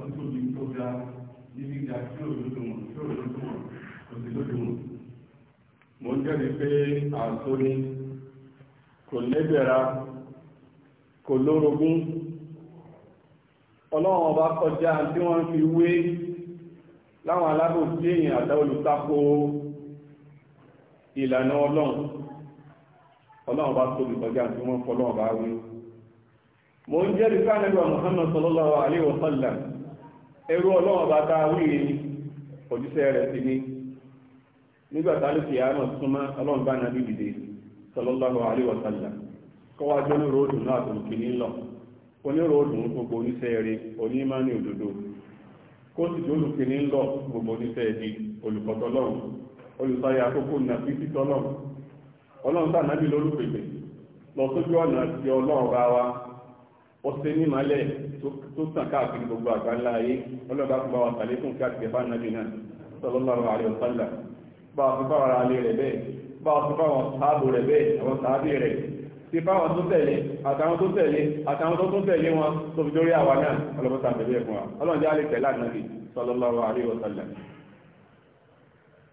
tó tóbi tó ga níbi ìgbà tí ò lóṣù wọn tí ò lóṣù wọn kò sí lóṣù wọn. mo jẹ́rìí pé àǹtó ni kò lẹ́gbẹ̀ra kò lórogún ọlọ́run ọba kọjá tí wọ́n fi wé láwọn alábòsí èèyàn àtàwọn olùtakò ìlànà ọlọ́run ọlọ́run bá tóbi kọjá tí wọ́n fọlọ́run bá wí mo ń jẹ́rìí ká nígbà Muhammad sallallahu alaihi wa sallam ẹrú ọlọ́wọ́n bá tá a wí ni òjíṣẹ́ rẹ̀ ti ní nígbà tá a lè fi àánà súnmọ́ ọlọ́run bá nàbí dìde sallallahu alaihi wa sallam kọ́wájú oníròdù náà tó ń kí ní lọ oníròdù gbogbo oníṣẹ́ rẹ̀ onímọ̀ọ́nì òdodo kó sì tó lùkì ní lọ gbogbo oníṣẹ́ ẹ̀dí olùkọ́tọ́lọ́run olùsáyà àkókò nàbí títọ́lọ́run ọlọ́run tá nàbí lórúkèpè lọ sójú ọ̀nà ti ọlọ́run bá wa ọ̀sẹ̀ ní ìmọ̀lẹ̀ tó tàn káàkiri gbogbo àgbáńlá ayé ọlọ́ba fún báwa sàlékún káàkiri bá nàbì náà sallallahu alaihi wasallam bá a fún báwa ara alẹ́ rẹ̀ bẹ́ẹ̀ bá a fún báwa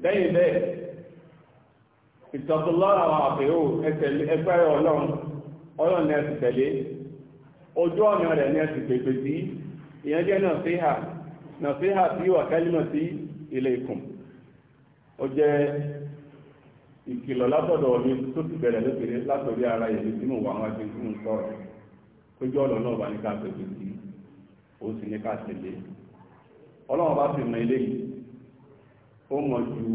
lẹ́yìn bẹ́ẹ̀ ìtọ́tọ̀lọ́rọ̀ àwọn àfẹ́hò ẹgbẹ́ ọlọ́run ọlọ́run ẹ̀ tẹ̀lé ojú ọ̀nà rẹ̀ ní ẹ̀sìn pèpè sí ìyẹn jẹ́ nàṣíhà nàṣíhà sí ìwà kẹ́límọ̀ sí ilé ikùn ó jẹ́ ìkìlọ̀ látọ̀dọ̀ mi tó ti bẹ̀rẹ̀ lókèrè látọ̀rí ara yẹ̀mí tí mò wà wọn ti fún un sọ̀rọ̀ péjọ ọ̀nà náà wà ní ká pèpè sí ó sì ní ká tẹ̀lé ọlọ́run bá sì mọ ilé ó mọ ju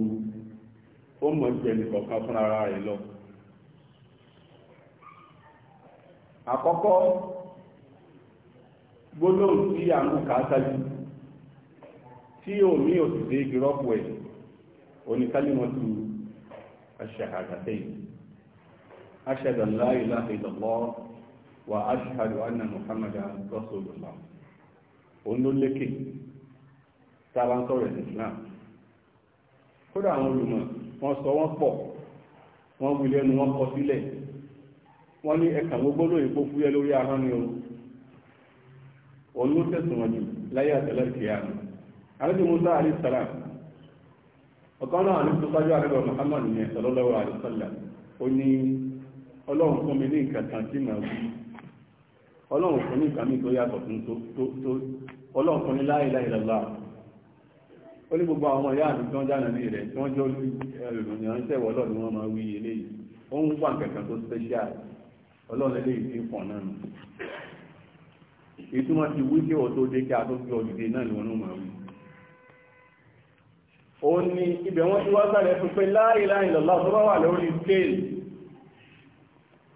ó mọ ju ẹnìkọ̀ọ̀kan fúnra rẹ̀ lọ àkọ́kọ́ gbólóhùn tí à ń kù tí omi ò sì ẹ̀ oníkálímọ̀tù aṣàhàdàtẹ́yìn aṣàdà la ilaha illallah wa aṣàhàdù anna muhammadan rasulullah òun islam kódà àwọn olùmọ̀ sọ wọn pọ̀ wọn wulẹ̀ nu wọ́n kọ sílẹ̀ ní onu ló tẹ̀sùn wọn jù láyé àtẹ̀lẹ́ kìíyàmù àrẹ́bí musa alayhi salam ọ̀kan náà ní sọ́jú àrẹ́bí muhammad ní ó ní ọlọ́run fún mi ní nǹkan kan tí màá wí ọlọ́run fún ní nǹkan mi tó yàtọ̀ fún tó ọlọ́run fún ní ó ní gbogbo àwọn ìyá àti tí wọ́n jáde ní rẹ̀ tí wọ́n jọ ètò wọn ti wí pé ọ̀tọ́ dé kí a tó fi ọdún náà ni wọn náà máa wí ó ní ibẹ̀ wọ́n ti wá sáré fún pé la ilaha illallah tó bá wà lórí scale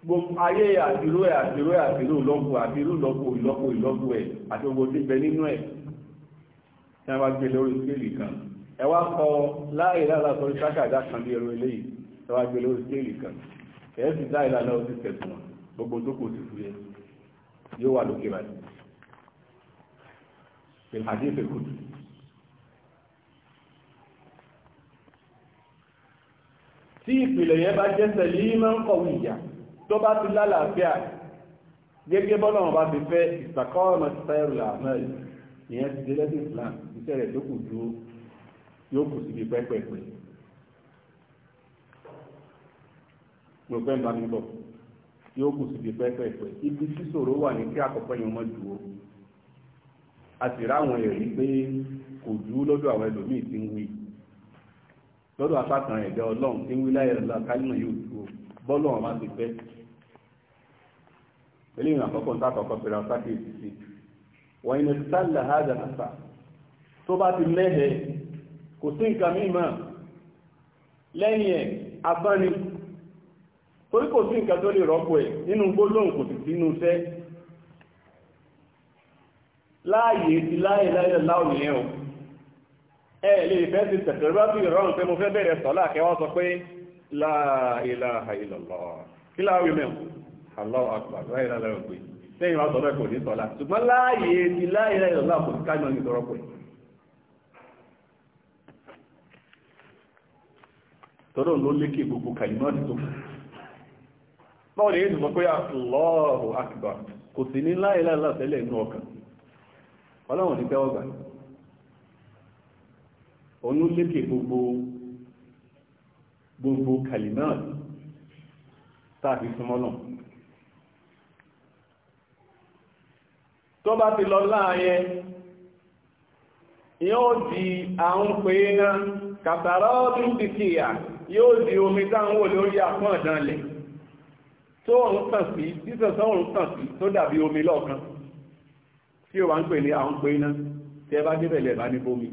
gbogbo ayé àdìró ẹ̀ àdìró ẹ̀ àdìró lọ́pù àdìró lọ́pù ìlọ́pù ìlọ́pù ẹ̀ àti gbogbo tí bẹ nínú ẹ̀ tí wọ́n bá gbé lórí scale kan ẹ wá kọ la ilaha illallah sórí sákàdá kan bí ẹrọ eléyìí tí wọ́n bá gbé lórí scale kan ẹ̀ sì la ilaha illallah ó sì tẹ̀sùn gbogbo tó kò sì fúyẹ́ yóò wà lókè báyìí في الحديث القدسي tí ìpìlẹ̀ yẹn bá jẹ́sẹ̀ límọ̀ ń kọ̀wé ìjà tó bá ti lálàáfíà gẹ́gẹ́ bọ́lọ̀wọ̀n bá ti fẹ́ ìsàkọ́ọ̀mọ̀ sẹ́rùlà mẹ́rin ìyẹn ti délẹ́sì Islam iṣẹ́ rẹ̀ tó kù dúró yóò kù síbi pẹ́pẹ́pẹ́ mo fẹ́ bá mi bọ̀ yóò kù síbi pẹ́pẹ́pẹ́ ibi tí ṣòro wà ní kí àkọ́kọ́ yẹn mọ́ dúró a sì ráwọn ẹ̀rí pé kò dúró lọ́dọ̀ àwọn ẹlòmíì tí ń wí lọ́dọ̀ apákan ẹ̀dá ọlọ́run tí ń wí láyé ọ̀la kálímọ̀ yóò dúró bọ́ọ̀lù ọ̀hún máa ti fẹ́ eléyìí àkọ́kọ́ ń tàkọ́kọ́ pẹ̀lú àtàkì ìsìsì wọ́n iná sálà hádà àṣà tó bá ti lẹ́hẹ̀ kò sí nǹkan mímọ̀ lẹ́yìn ẹ̀ abáni torí kò sí nǹkan tó lè rọ́pò ẹ̀ nínú gbólóhùn kò sì sínú iṣẹ́ láàyè ti láàyè láàyè láàyè yẹn o ẹ lè fẹ́ ti tẹ̀tẹ̀ bá fi rọrùn pé mo fẹ́ bẹ̀rẹ̀ sọ́lá kẹwọ́n sọ pé la ilaha illallah kí láàwí akbar láyé láyé rẹ̀ pé lẹ́yìn wọn sọ̀rọ̀ kò ní sọ́lá ṣùgbọ́n láàyè ti láàyè láyè illallah kò sí kájọ ní sọ̀rọ̀ pé tọ́rọ ló lékè gbogbo kàìmọ́dì tó báwọn èyí tó sọ pé Allahu akbar kò sí ní láyé láyé láyé tẹ́lẹ̀ inú ọkàn ọlọ́run ní tẹ́wọ́ gbà onú lékè gbogbo gbogbo kalimat tàbí súnmọ́nà tó bá ti lọ láàyẹ yóò di àwọn pé náà kàtàrà ọdún ti kíyà yóò di omi táwọn olórí àpọ̀ ìdánlẹ̀ tó ọ̀run tàn sí títẹ̀sọ́ ọ̀run tàn sí tó dàbí omi lọ́ọ̀kan tí ó wà ń pè ní àwọn pé iná tí ẹ bá débẹ̀lẹ̀ bá ní bómi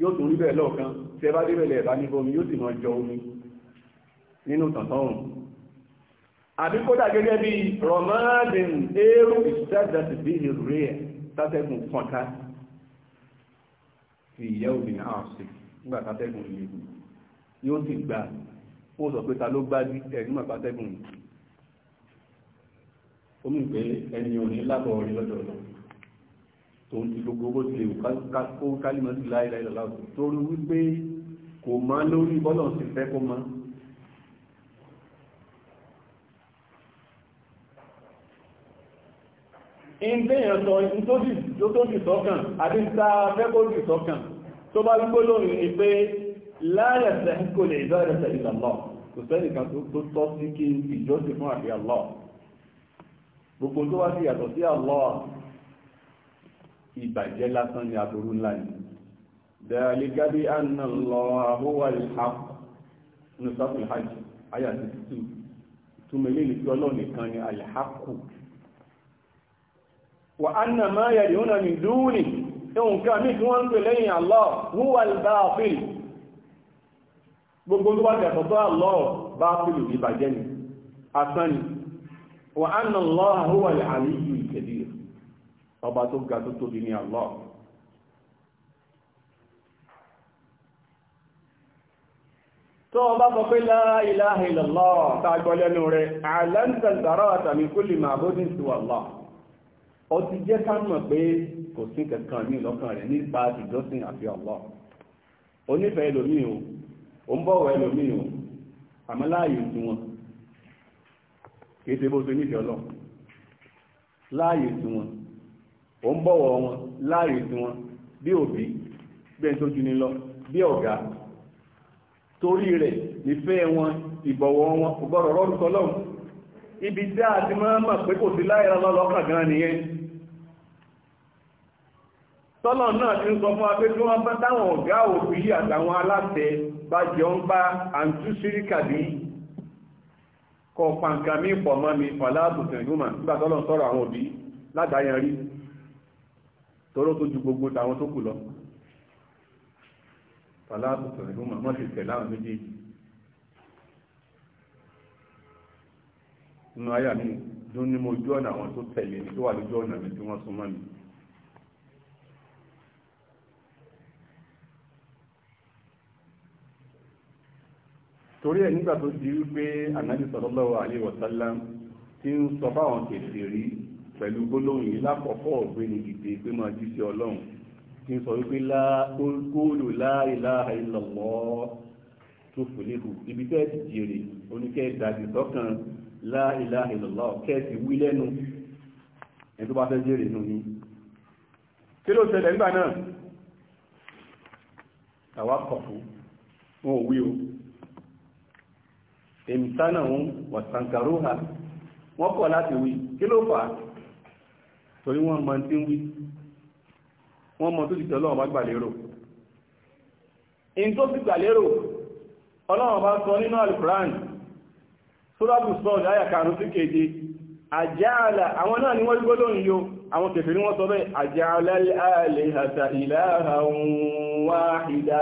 yóò tún rí bẹ́ẹ̀ lọ́ọ̀kan tí ẹ bá débẹ̀lẹ̀ bá ní bómi yóò sì máa jọ omi nínú tàntàn ọ̀run àbí kódà gẹ́gẹ́ bí romadin eru ìṣẹ́dẹ̀sì bí ìrè ẹ̀ tátẹ́gùn kọta fi ìyẹ́ omi náà sí nígbà tátẹ́gùn ilé yóò sì gbà ó sọ pé ta ló gbá ẹ̀gbọ́n àpátẹ́gùn omi pé ẹni ò ní lábọ̀ orí lọ́dọọdún kó kálímọ́tò láìláì lọ́la torí wípé kò mọ́ lórí bọ́lọ̀ sí fẹ́ kó mọ́ ìgbéyàn sọ ìtójì sọ́kàn àti ta fẹ́kójì sọ́kàn tó bá wípé lónìí ni pé láyẹ̀sẹ̀ kò lè ìdọ́rẹ̀sẹ̀ ìlàlọ́ kò sẹ́nìkan tó tọ́ sí kí ìjọ́sìn fún àbí Allah gbogbo tó wá sí yàtọ̀ sí Allah ìbàjẹ́ lásán ni aburú ńlá ni dhalika bi anna Allaha huwa al-haqq ní sọ́tún hajj ayà 62 túnmọ̀ ilé ìlú ọlọ́run nìkan ni al-haqqu wa anna ma yad'una min duni ohun kan ní tí wọ́n ń pè lẹ́yìn Allah huwa al-batil ọba tó ga tó tóbi ní Allah tó ọba sọ pé la ilaha illallah tàgbọ́ lẹ́nu rẹ̀ àlẹ́ntẹ̀ntàrà àtàmì kulli ma'budin siwa Allah ó ti jẹ́ ká mọ̀ pé kò sí kankan ní lọ́kàn rẹ̀ nípa ìjọsìn àfi Allah onífẹ̀ẹ́ ẹlòmíì o ń bọ̀wọ̀ ẹlòmíì o àmọ́ láàyè tí wọn kìí ṣe bó ṣe nífẹ̀ẹ́ Ọlọ́run láàyè tí wọn ó ń bọ̀wọ̀ wọn láàyè tí wọn bí òbí bí ẹni tó jù ní lọ bí ọ̀gá torí rẹ̀ nífẹ̀ẹ́ wọn ìbọ̀wọ̀ wọn kò gbọ́dọ̀ rọ́rùn tọ́lọ́run ibi tí a ti máa mọ̀ pé kò sí láìra lọ́lọ́kàn gan nìyẹn tọ́lọ̀ náà ti ń sọ fún abé tí wọ́n bá táwọn ọ̀gá òbí àtàwọn aláṣẹ bá jọ ń bá àǹtú síríkàbí kọ pàǹkà mí pọ̀ mọ́ mi fàlá àbùsùn ìgbìmọ̀ nígbà tọ́lọ̀ sọ̀rọ̀ àwọn òbí ládàáyẹn rí tóró tó ju gbogbo tàwọn tó kù lọ fàlàbù tọ̀rẹ̀ ló mọ̀ wọ́n sì tẹ̀ láwọn méjèèjì nínú ayà mi dún ní mo ojú ọ̀nà àwọn tó tẹ̀lé mi tó wà lójú ọ̀nà mi tí wọ́n sún mọ́ mi torí ẹ̀ nígbà tó di wípé ànábì sallallahu alaihi wasallam tí ń sọ fáwọn kèfèrí pẹ̀lú gbólóhùn yìí lákọ̀ọ́kọ́ ọ̀gbẹ́ni dìde pé máa jí sí ọlọ́run tí ń sọ wípé kóòlù la ilaha illallah tó fòlébù ibi tẹ́ ti jèrè oníkẹ́ ìdàgbé sọ́kàn la ilaha illallah kẹ́ẹ̀sì wí lẹ́nu ẹni tó bá fẹ́ jèrè nù ní. kí ló ṣẹlẹ̀ nígbà náà àwa kọ̀ọ̀kú wọn ò wí o èmìtánà wọn wàtàǹkàróhà wọn kọ̀ láti wí kí ló fà á torí wọ́n mọ̀ tí ń wí wọ́n mọ̀ tó ti tẹ̀ ọlọ́run bá gbàlérò in tó ti gbàlérò ọlọ́run bá sọ nínú alukuran sóràbù sọ́ọ̀dì ayàkàrún sí kéde àjáàlà àwọn náà ni wọ́n rí gbọ́lóhùn yóò àwọn kèfèrí wọ́n sọ bẹ́ẹ̀ àjáàlà alihata ilaha wahida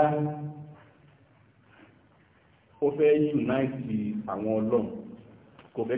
ó fẹ́ unite àwọn ọlọ́run kò fẹ́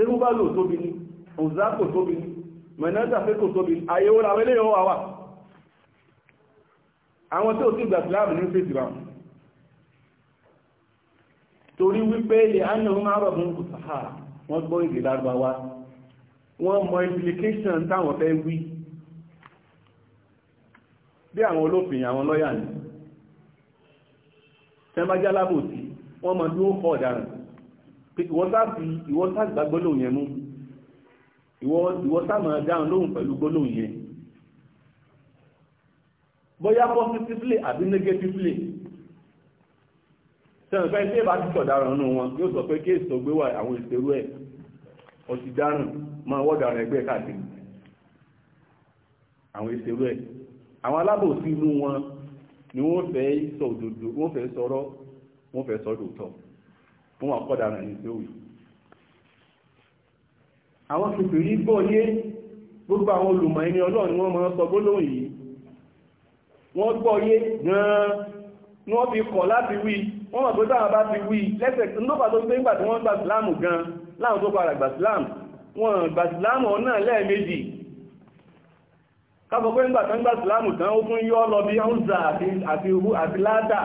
serúbálò tóbi ní òzákò tóbi ní mẹ́nẹ́sàfẹ́ kò tóbi ní ayé wọ́n àwọn eléyọ́ wà wà àwọn tí ó sì gbà síláàmù ní fèsì rà torí wípé ilẹ̀ anahun arọ̀bùn kò sàhárà wọ́n gbọ́ èdè lárúbáwá wọ́n mọ implication táwọn fẹ́ wí bí àwọn olófin àwọn lọ́yà ní tẹ́májálábòsí wọ́n mọ dúró kọ̀ ọ̀daràn ìwọ sá gbá gbólóhùn yẹn mú ìwọ sá máa dáhùn lóhùn pẹ̀lú gbólóhùn yẹn bóyá positively àbí negatively sẹ́wọ̀n fẹ́ tí èbá ti sọ̀daràn nù wọn yóò sọ pé kí èso gbé wà àwọn ìṣerú ẹ̀ ọtí dáràn máa wọ́dà rẹ̀ gbé káàkiri àwọn ìṣerú ẹ̀ àwọn alábòsí inú wọn ni wọ́n fẹ́ sọ òdodo wọ́n fẹ́ sọ̀rọ̀ wọ́n fẹ́ sọ òdodo fún ọ̀pọ̀dà rẹ̀ ní tí ó wù àwọn kìfìrí gbọ́ yé gbogbo àwọn olùmọ̀ ẹni ọlọ́run wọ́n máa ni wọ́n fi kọ̀ láti wí wọ́n mọ̀ tó dáwọn bá ti wí lẹ́sẹ̀ nígbà tó gbé nígbà tí wọ́n gba síláàmù gan láwọn tó padà gba síláàmù wọn gba síláàmù náà lẹ́ẹ̀mejì kábọ̀ pé nígbà tó ń gba síláàmù tán ó fún yọ́ lọ bí ọ́nzà àti láàdà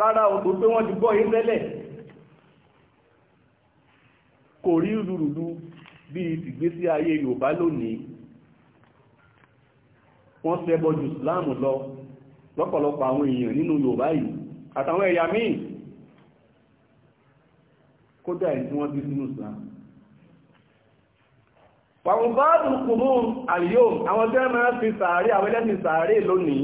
rárá o pé wọ́n ti gbọ́ yé tẹ́lẹ̀ kò rí rúrùrú bí ìgbésí ayé Yorùbá lónìí wọ́n ṣẹbọ jù Islam lọ lọ́pọ̀lọpọ̀ àwọn èèyàn nínú Yorùbá yìí àtàwọn ẹ̀yà míì kódà ẹ̀ tí wọ́n bí sínú Islam wàwọn bá dùn kùnmù àlìyò àwọn tẹ́ máa fi sàárè àwọn ẹlẹ́sìn sàárè lónìí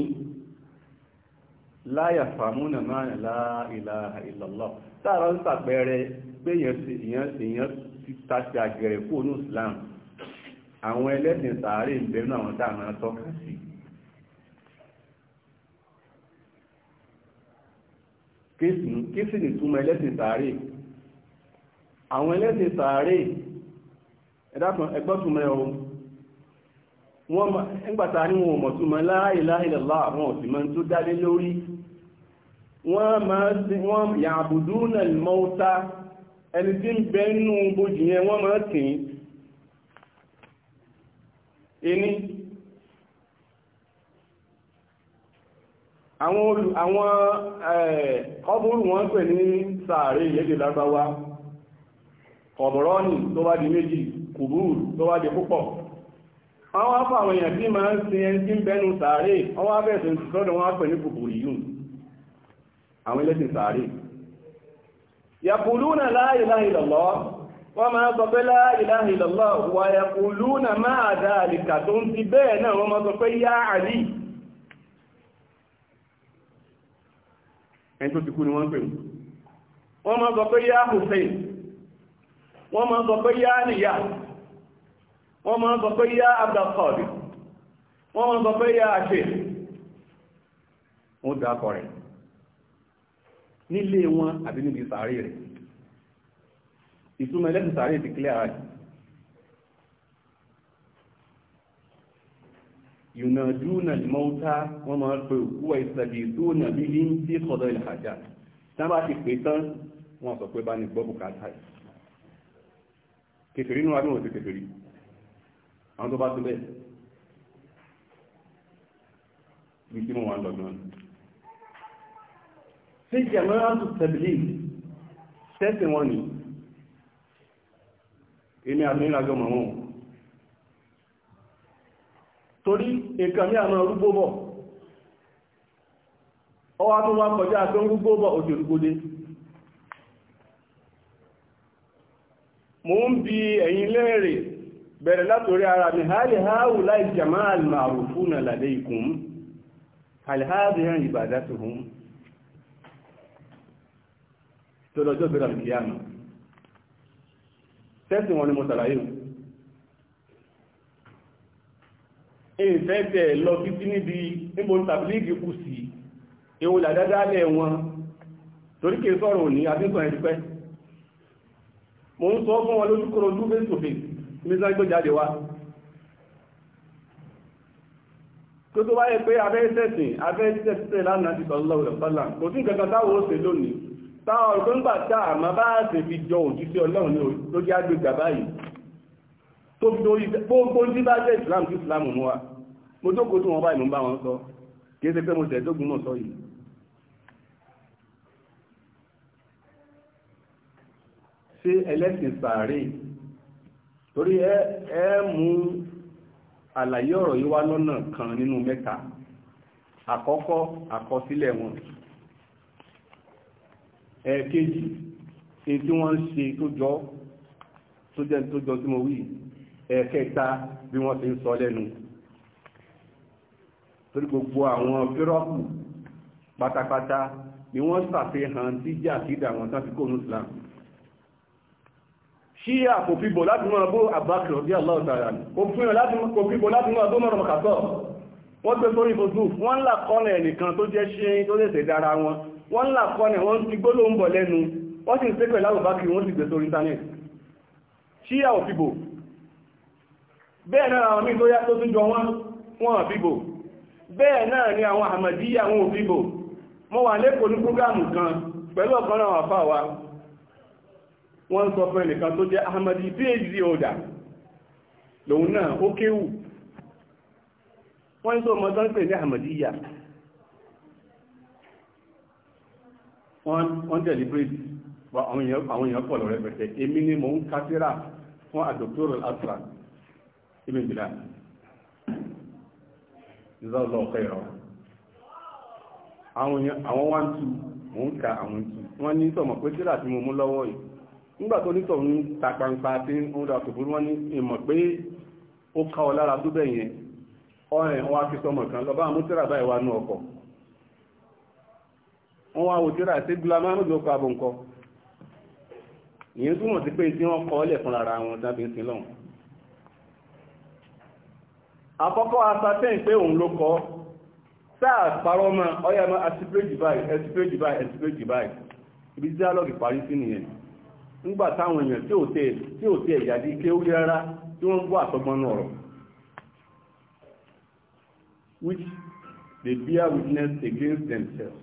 láyà fàmúnà máa láà ìlà ìlọ̀lọ̀ táàrà ń sàpẹẹrẹ pé èèyàn títa ti àgẹ̀rẹ̀ kó ní Islam àwọn ẹlẹ́sìn sàárè ń bẹnu àwọn tá a máa tọ́ka sí kéèsì ní túmọ̀ ẹlẹ́sìn sàárè àwọn ẹlẹ́sìn sàárè ẹ̀dàkùn ẹgbọ́túnmẹ́ o wọ́n ńgbàtà ní wọn mọ̀túnmọ̀ la ilaha illallah àwọn òsìmọ̀ tó dálé lórí wọ́n máa ya'buduna al-mauta ẹni tí ń bẹ nínú bojì yẹn wọ́n máa tìí ení àwọn olù àwọn kọbúrú ní sàárè lédè lágbàwá kọ̀bọ̀rọ́nì tó di méjì kùbúrù tó bá di púpọ̀ wọ́n wá fún èèyàn tí máa ń sin ẹni tí ń bẹnu sàárè wọ́n wá bẹ̀ẹ̀sìn sọ́dọ̀ wọ́n ní yàkùlúnà láìláìlọ́lọ́ wọ́n máa sọ pé láìláìlọ́lọ́ wà yàkùlúnà máa dáàlìkà tó ń ti bẹ́ẹ̀ náà wọ́n máa sọ pé yá àlì ẹni tó ti kú ni wọ́n pè wọ́n máa sọ pé yá Hussein wọ́n máa sọ pé yá nìyà wọ́n máa sọ pé yá abdulkadir wọ́n máa sọ pé yá àṣẹ wọ́n dákọ̀ rẹ̀ nílé wọn àbí níbi sàárè rẹ̀ ìtumọ̀ ẹlẹ́sìn sàárè ti clear rẹ̀ yunaduna mọ́ta wọ́n máa pe òkú ìsẹ̀lẹ̀ tó nàbí ní tí kọ̀dọ̀ ìlàjà tán bá ti pè tán wọ́n sọ pé bá ní gbọ́ bùkátà yìí kèfèrí nínú abẹ́wọ̀n ti kèfèrí àwọn tó bá tó bẹ́ẹ̀ bí tí mo wà ń tí jẹ̀mọ́rántù tẹ̀bìlì tẹ́sì wọn ni èmi àmì ìrìnàjò mọ̀ wọn torí nǹkan ní àmà rúgbó bọ̀ ọwá tó wá kọjá tó ń rúgbó bọ̀ òjò rúgbódé mo ń bi ẹ̀yin lẹ́rẹ̀ bẹ̀rẹ̀ látorí ara mi hálì háàwù láì jàmáà al-ma'rufuna ladaykum hal hadhihi ibadatuhum tó lọ́jọ́ ìgbéra ìkí àmì tẹ́sì wọn ni mo sàlàyé o ìfẹ́ tẹ̀ lọ títí níbi níbo tàbílíìgì kù sí ewu làdádálẹ̀ wọn torí kìí sọ̀rọ̀ òní abíkan ẹ̀dúpẹ́ mo ń sọ fún wọn lójúkọrọ ojú face to face mísán gbé jáde wá tó tó wáyé pé abẹ́ sẹ́sìn abẹ́ sẹ́sìn lánàá ti sọ̀rọ̀ lọ́wọ́ ìrọ̀sọ́lá kò sí nǹkan kan táwọn ó ṣe lónìí tá ọ̀rọ̀ tó ń gbà tá àmọ́ bá ṣe fi jọ òjíṣẹ́ ọlọ́run lórí agbègbè báyìí tó fi lórí gbogbo tí bá jẹ́ ìsìlámù sí ìsìlámù mú wa mo jókòó tí wọ́n bá ìmú bá wọn sọ kìí ṣe pé mo tẹ̀ẹ́dógún náà sọ yìí ṣé ẹlẹ́sìn sàárè torí ẹ mú àlàyé ọ̀rọ̀ yìí wá lọ́nà kan nínú mẹ́ta àkọ́kọ́ àkọsílẹ̀ wọn ẹ̀ẹ̀kejì èyí tí wọ́n ń ṣe tó jọ tó jẹ́ tó jọ tí mo wí ẹ̀ẹ̀kẹta bí wọ́n ti ń sọ lẹ́nu torí gbogbo àwọn fírọ́pù pátápátá ni wọ́n ṣàfihàn tí jẹ́ àkídà àwọn tán fi kó ní Islam ṣí àpòfibò láti mọ́ ọgbó àbákìrò bí Allah ta'ala òfìbò láti mọ́ ọgbó mọ́rọ̀ mọ̀kàtọ̀ wọ́n gbé sórí Facebook wọ́n ńlá kọ́nà ẹnìkan tó jẹ́ ṣe tó lè ṣẹ̀dára wọn wọ́n ńlá kọ́ ní wọ́n ti gbóló ń bọ̀ lẹ́nu wọ́n sì ń ṣépè lábùbákì wọ́n sì gbé sórí íńtánẹ́ẹ̀tì ṣíyà ò fìbò bẹ́ẹ̀ náà àwọn míì tó yá tó tún jọ wọ́n wọn ò fìbò bẹ́ẹ̀ náà ni àwọn àmàdíyà wọn ò fìbò mo wà lẹ́kọ̀ọ́ ní púrógámù kan pẹ̀lú ọ̀kan náà àfà wa wọ́n sọ fún ẹnìkan tó jẹ́ ahmadi phd on deliberate àwọn èèyàn pọ̀ lọ rẹpẹtẹ èmi ni mò ń kásírà fún àdòktóró asra ibi ìbílá ìzọ́lọ́ ọ̀kọ́ ìrọ̀ àwọn wá ń tu mò ń ka àwọn tu wọ́n ní sọ̀mọ̀ pé tíra tí mo mú lọ́wọ́ yìí nígbà tó nítọ̀ ń ta pàǹpà tí ń ra tòbúrú wọ́n ní ìmọ̀ pé ó ká ọ lára tó bẹ̀ yẹn ọ̀rìn wọn á fi sọmọ̀ kan lọ bá àmú tíra báyìí wá nú ọkọ̀ wọ́n wá ojúra sí gulamaru ló kọ abọ́nkọ́ ìyẹn túmọ̀ sí pé tí wọ́n kọ́ lẹ̀ fúnra wọn dábí sí lọ́wọ́ àkọ́kọ́ asatẹ́n pé òun ló kọ́ sáà parọ́ mọ́ ọyá mọ́ àtìpéjì which they bear witness against themselves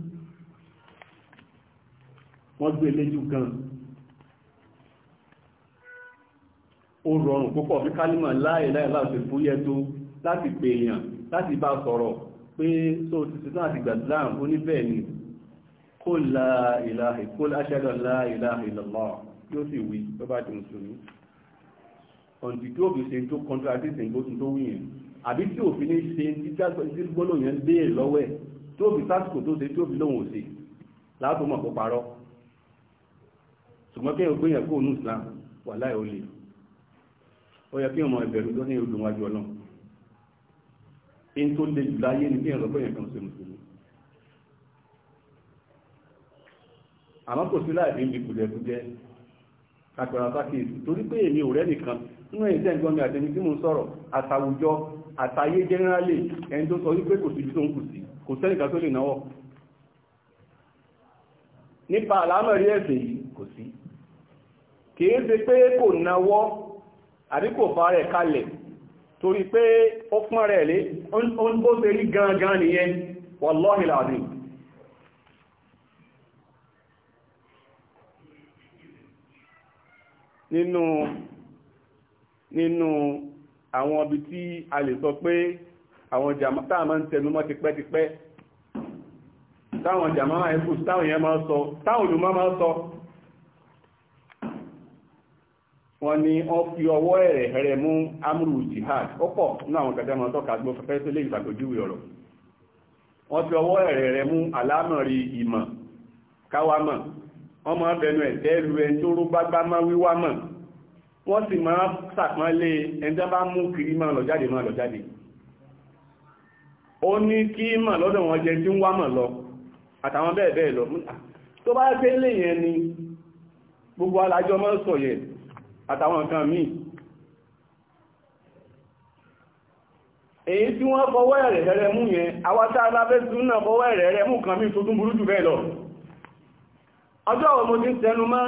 wọ́n gbé léjú gan ó rọrùn púpọ̀ bí kálímọ̀ láìláì láti fúyẹ́ tó láti pè èèyàn láti bá sọ̀rọ̀ pé tó ti ti tán àti gbàdúrà ó ní bẹ́ẹ̀ ni kó láìláì kó láṣẹ́dọ̀ láìláì lọ́lọ́ yóò sì wí tó bá di mùsùlùmí ọ̀dì tí òbí ṣe tó kọntradíṣìn ló tún tó wí yẹn àbí tí òfin ní ṣe tí gbọ́lò yẹn béèrè lọ́wọ́ ẹ̀ tí òbí sásìkò tó ṣe tí òbí lòun ò ṣe ṣùgbọ́n kí ẹgbẹ́ yẹn kó nù islam wà láì ó lè ó yẹ kí ọmọ ìbẹ̀rù tó ní olùwájú ọlọ́run in tó lè jù láyé ní kí ẹ̀rọ pé yẹn kan ṣe mùsùlùmí àmọ́ kò sí láì bí kùdẹ̀kùdẹ kàkàrà sákìsì torí pé èmi ò rẹ́ nìkan nínú èyí tẹ́ ń gbọ́n mi tí mo ń sọ̀rọ̀ àtàwùjọ àtàyé jẹ́nẹ́rálì ẹni tó sọ wípé kò síbi tó ń kù sí kò sẹ́nìkan tó lè náwọ̀ nípa àlámọ̀rí ẹ̀sìn yìí kò sí kìí ṣe pé kò náwọ́ àbí kò farẹ̀ kalẹ̀ torí pé ó pọ́n rẹ̀ lé ó ṣe rí gangan nìyẹn wallahi alazim nínú àwọn ibi tí a lè sọ pé àwọn jàmá táà máa ń tẹnumọ́ tipẹ́tipẹ́ táwọn jàmá ẹ̀kù táwọn yẹn máa sọ táwọn olùmọ́ máa sọ wọ́n ní wọ́n fi ọwọ́ ẹ̀rẹ̀ rẹ̀ mú amúrù jihad ó pọ̀ ní àwọn kẹta ọmọ tọ́ka gbọ́ fẹ́fẹ́ sí ilé ìgbàgbójúwe ọ̀rọ̀ wọ́n fi ọwọ́ ẹ̀rẹ̀ rẹ̀ mú àlámọ̀rí ìmọ̀ káwámọ̀ wọ́n máa bẹnu ẹ̀tẹ́ lu ẹni tó rú gbágbá má wíwá mọ̀ wọ́n sì máa sàpọ́nlé ẹni tó bá mú kiri máa lọ jáde máa lọ jáde ó ní kí mọ̀ lọ́dọ̀ wọn jẹ tí ń wá mọ̀ lọ àtàwọn bẹ́ẹ̀ bẹ́ẹ̀ lọ tó bá gbé yẹn ni gbogbo alájọ máa ń àtàwọn nǹkan míì èyí tí wọ́n fọwọ́ ẹ̀rẹ̀ rẹ̀ mú yẹn awátá aláfẹ́ súnà fọwọ́ ẹ̀rẹ̀ rẹ̀ mú kan mí tó tún burú jù bẹ́ẹ̀ lọ ọjọ́ àwọn mo ti ń tẹnu mọ́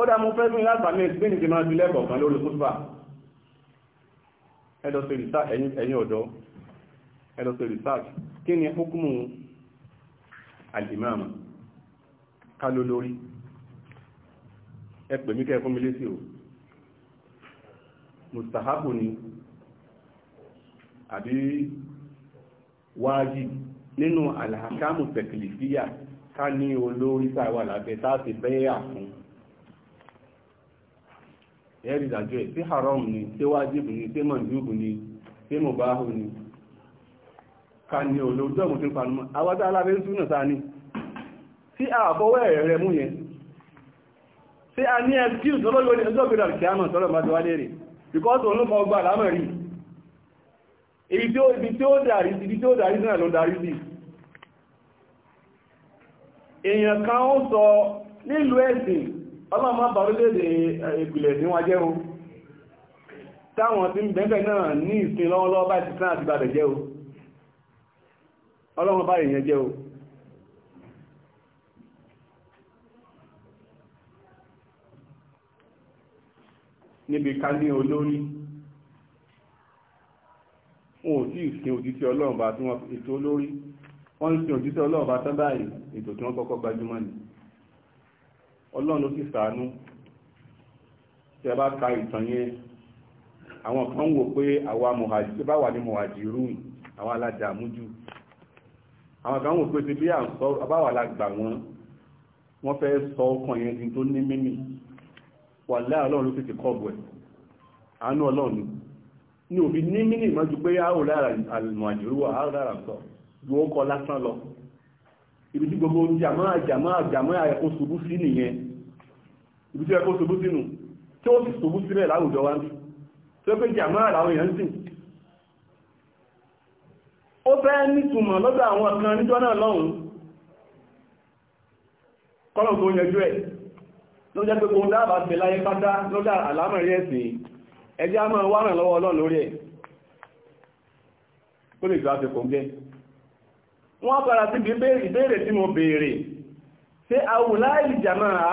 ó dá mú fẹ́ fún ìlàgbàmí ìsìnkú ti máa ju lẹ́kọ̀ọ̀kan lórí kúrúbà ẹ̀dọ̀ sí research ẹ̀yìn ọ̀dọ́ ẹ̀dọ̀ sí research kí mustahabu ni àbí wájib nínú alhakamu tẹ̀kìlìfíyà ká ní olórí tàwà lábẹ́ táàtì bẹ́yà fún ẹ̀rí ìdájọ́ ẹ̀ sí haram ni tí wájib ni tí mandub ni tí mubahu ni ká ní olórí ọmọ tí ń panumọ́ awádá alábẹ́ ń túnà sáà ni tí àbọ̀wọ́ ẹ̀rẹ̀ mú yẹn tí a ní ẹ̀kí because òun ló mọ ọgbà lámọ̀ rí ibi tí ó darí sí ibi tí ó darí sí náà ló darí sí èèyàn kan ó sọ nílùú ẹ̀sìn ọlọ́mọ bàrúlẹ̀dẹ̀ ìpìlẹ̀ ní wájẹ́ o táwọn tí ń bẹ́ẹ̀bẹ̀ náà ní ìsìn lọ́wọ́lọ́wọ́ bá ti sáà ti bàbẹ̀ jẹ́ o ọlọ́mọ bá èèyàn níbi ká ní olórí wọn ò tí ì sin òjíṣẹ́ tí wọ́n ètò olórí wọ́n ń sin òjíṣẹ́ ọlọ́run bá tán ètò tí wọ́n kọ́kọ́ gbajúmọ̀ ni ọlọ́run ló sì sàánú tí a bá ka ìtàn yẹn àwọn kan wò pé àwa mọ̀hàjì tí bá wà ní mọ̀hàjì rúùn àwọn alájà àmújù àwọn kan wò pé ti bí àbáwà la gbà wọ́n wọ́n fẹ́ sọ ọkàn yẹn di tó ní mímì wàlẹ́ láà ọlọ́run ló ti ẹ̀ àánú ọlọ́run ni òbí ní mínì mọ́ pé áò lára àlùmọ̀ àjòrúwà áò lára sọ kọ lásán lọ ibi tí gbogbo jàmọ́ àjàmọ́ àjàmọ́ ẹ̀kọ́ ṣubú sí nìyẹn ibi tí ẹ̀kọ́ ṣubú sínú tí ó sì ṣubú sílẹ̀ láwùjọ wa tí ó pé jàmọ́ sìn ó fẹ́ nítumọ̀ lọ́dọ̀ àwọn kan níjọ́ náà lọ́hùn-ún ló jẹ́ pé kòun dáàbà bẹ̀ láyé pátá lọ́dá àlámọ̀rí ẹ̀sìn ẹjẹ́ a máa wárán lọ́wọ́ ọlọ́run lórí ẹ̀ kó lè gbà fẹ́ kò ń gẹ́ wọ́n padà sí ìbéèrè tí mo béèrè ṣé àwòláì jàmáà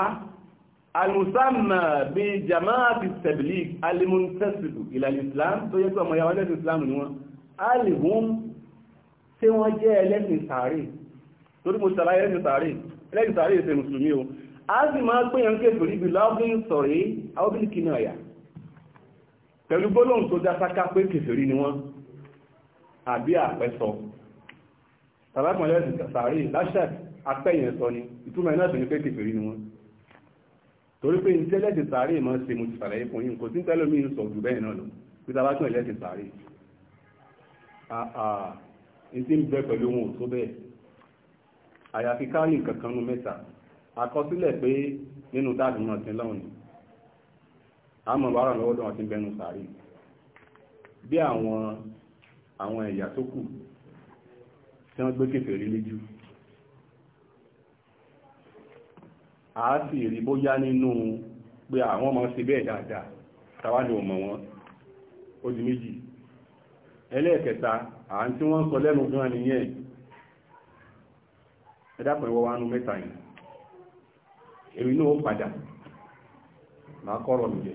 alùsáàmà bí jàmáà ti tẹ̀bìlì alimuntẹ́sìlù ìlànà islam tó yẹ pé ọmọ yàwó ẹlẹ́sìn islam ni wọ́n alìhún tí wọ́n jẹ́ ẹlẹ́sìn sàárè torí mo ṣàlàyé ẹlẹ́sìn sàárè ẹlẹ́sìn sàárè ṣe mùsùlùmí o a sì máa pé yẹn kéèkò ríbi lábín sọ̀rí áwọ́bìn kí náà yà pẹ̀lú gbólóhùn tó dásáká pé kèfèrí ni wọ́n àbí àpẹsọ tàbátàmọ́lẹ́sì sàárì láṣẹ̀t apẹ́yẹn sọ ni ìtumọ̀ iná sì ni pé kèfèrí ni wọ́n torí pé ní tẹ́lẹ̀sì sàárì máa ṣe mo ti sàlàyé fún yín kò sí tẹ́lómi ń sọ jù bẹ́ẹ̀ náà lọ pé tàbátàmọ́lẹ́sì sàárì àà ní tí àkọsílẹ̀ pé nínú táàbì náà ti lọ́wọ́ ni àmọ́ wàrà lọ́wọ́ lọ́wọ́ ti bẹnu sàárì bí àwọn àwọn ẹ̀yà tó kù tí wọ́n gbé kèfè rí lójú a sì rí bóyá nínú pé àwọn ọmọ ṣe bẹ́ẹ̀ dáadáa tàwa ni ò mọ̀ wọ́n ó di méjì ẹlẹ́ẹ̀kẹta à ń tí wọ́n ń sọ lẹ́nu gan nìyẹn ẹ dápẹ́ wọ́n wá nú mẹ́ta yìí èmi náà padà màá kọ́rọ̀ mi jẹ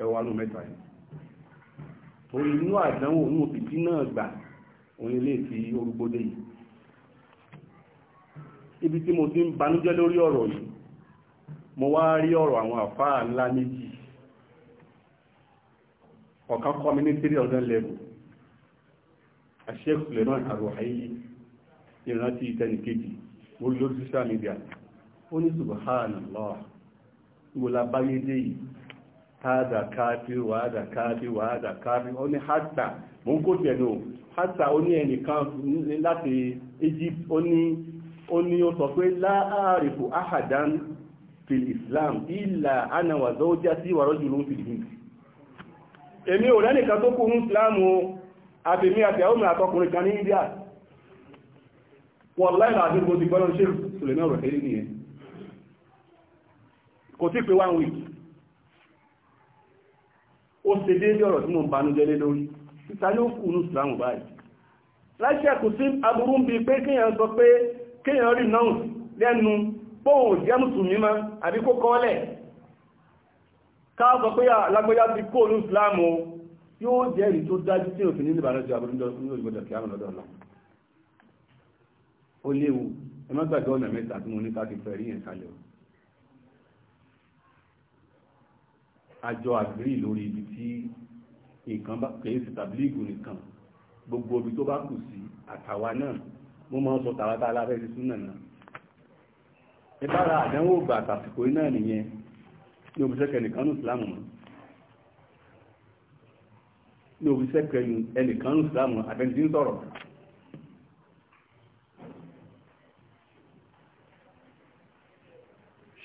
ẹ wà nù mẹ́ta yìí torí inú àdánwò inú náà gbà òun ilé ti ibi tí mo ti ń banújẹ́ lórí ọ̀rọ̀ yìí mo wá rí ọ̀rọ̀ àwọn àfáà ńlá méjì ọ̀kan kọ́ mi ní mo rí lórí social media ó ní subhanallah ìwò labáyé dé yìí hádà káàkiri wàádà káàkiri wàádà káàkiri ó ní hátà mo ń Egypt ó ní ó ní ó sọ pé láàrífù áhàdán fil Islam ìlà anáwà zọ́ọ́já sí wàrọ́jù ló ń fi dìbò èmi ò lẹ́nìkan tó kú ní Islam o àbèmí àtẹ̀hómi kan ní India wọ́n láìlà àti gbogbo ìgbọ́nà ṣe Suleiman rọ̀fẹ́lì nìyẹn kò tí pé one week ó ṣe déédé ọ̀rọ̀ tí mo ń banújẹ́ lé lórí títà ní ó ní ìsìlámù báyìí pe kò sí aburú ń bi pé kéèyàn sọ pé kéèyàn rí náà lẹ́nu bóun jẹ́ mùsùlùmí àbí kó kọ́lẹ̀ ká pé alágbóyá ti kó ní ìsìlámù ó léwu ẹ má gbàgbé ọ̀nà mẹ́ta tí mo ní ká ti fẹ́ rí yẹn kalẹ̀ o àjọ àgbírí lórí ibi tí nǹkan bá kèé sí tàbí ìgò nìkan gbogbo ibi tó bá kù sí àtàwa náà mo máa ń sọ tàwátà aláfẹ́ sí súnà náà ìbára àdánwò ògbà àtàsìkò iná nìyẹn ní òbíṣẹ́kẹ̀ nìkan ní ìsìlámù mọ́ ní òbíṣẹ́kẹ̀ ẹnìkan ní ìsìlámù àtẹnudí ń sọ̀rọ̀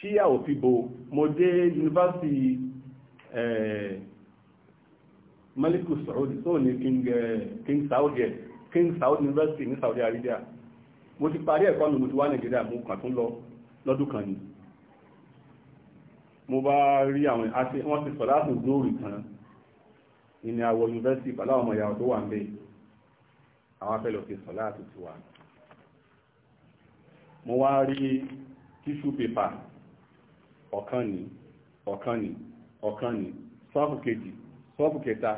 ṣíyà òfìbò mo dé yunifásitì maliku saudi tó ní king saudi king saudi university ní saudi arabia mo ti parí ẹ̀kọ́ mi mo ti wá nàìjíríà mo kàn tún lọ lọ́dún kan ni mo bá rí àwọn àti wọ́n ti sọ láti lóòrì kan ìní àwọ̀ yunifásitì pàlá ọmọ ìyàwó tó wà ń bẹ àwọn afẹ́lẹ̀ òfin sọ láti ti mo wá rí tíṣù pépà ọ̀kan ní ọ̀kan ní ọ̀kan ní sọ́ọ̀fù kejì sọ́ọ̀fù kẹta